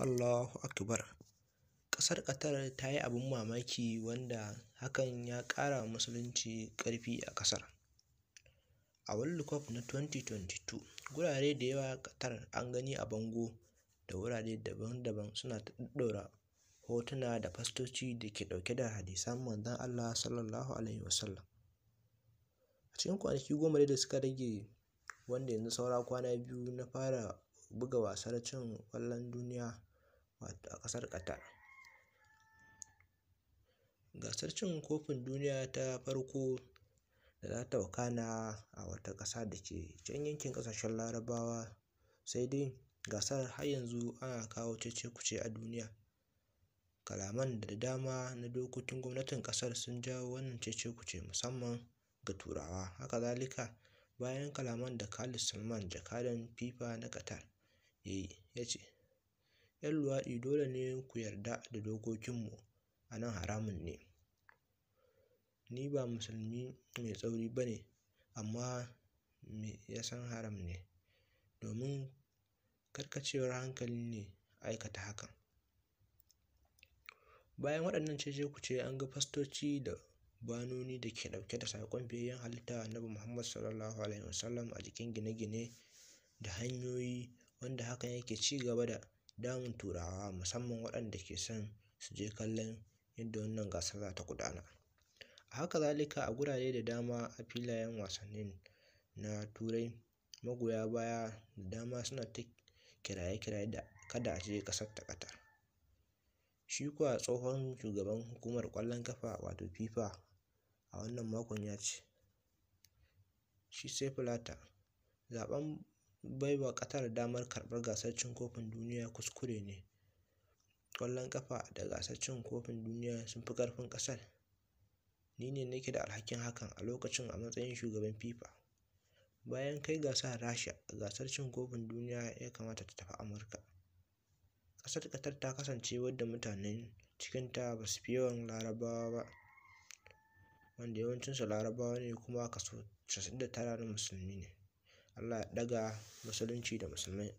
Allahu akbar. Ƙasar Qatar ta yi abin mamaki wanda hakan ya ƙara wa musulunci ƙarfi a ƙasar. A World Cup na 2022, gurare da yawa Qatar an gani a bango da wurare daban-daban suna ta ɗaɗɗaura hotuna da fastoci da ke ɗauke da hadisan Manzon Allah Sallallahu Alaihi Wasallam. A cikin kwanaki goma dai da suka rage wanda yanzu saura kwana biyu na fara buga wasar cin ƙwallon duniya wato a ƙasar Qatar. Gasar cin kofin duniya ta farko da za ta wakana a wata ƙasa da ke can yankin ƙasashen Larabawa sai dai gasar har yanzu ana kawo cece-kuce a duniya. Kalaman da dama na dokokin gwamnatin ƙasar sun jawo wannan cece-kuce musamman ga Turawa. Haka zalika bayan kalaman da Khalid Salman jakadan FIFA na Qatar ya yi ya ce ‘yan luwaɗi dole ne ku yarda da dokokinmu a nan haramun ne ni ba musulmi mai tsauri ba ne amma me ya san haram ne domin karkacewar hankali ne aikata hakan bayan waɗannan cece-kuce an ga fastoci da banoni da ke ɗauke da saƙon fiyayyen halitta annabi muhammad sallallahu alaihi wasallam a jikin gine-gine da hanyoyi wanda hakan yake ci gaba da damun turawa musamman waɗanda ke son su je kallon yadda wannan gasar za ta gudana a haka zalika a gurare da dama a filayen wasannin na turai magoya baya da dama suna ta kiraye-kiraye da kada a je ƙasar ta ƙatar shi kuwa tsohon shugaban hukumar ƙwallon kafa wato fifa a wannan makon ya ce shi sai fulata zaɓen baiwa Qatar damar karɓar gasar cin kofin duniya kuskure ne. Ƙwallon ƙafa da gasar cin kofin duniya sun fi ƙarfin ƙasar. Ni ne nake da alhakin hakan a lokacin a matsayin shugaban FIFA. Bayan kai gasar Rasha, gasar cin kofin duniya ya kamata ta tafi Amurka. Ƙasar Qatar ta kasance wadda mutanen cikinta ba su fi yawan Larabawa ba, wanda yawancinsu Larabawa ne kuma kaso tara na Musulmi ne. Allah ya ɗaga musulunci da musulmai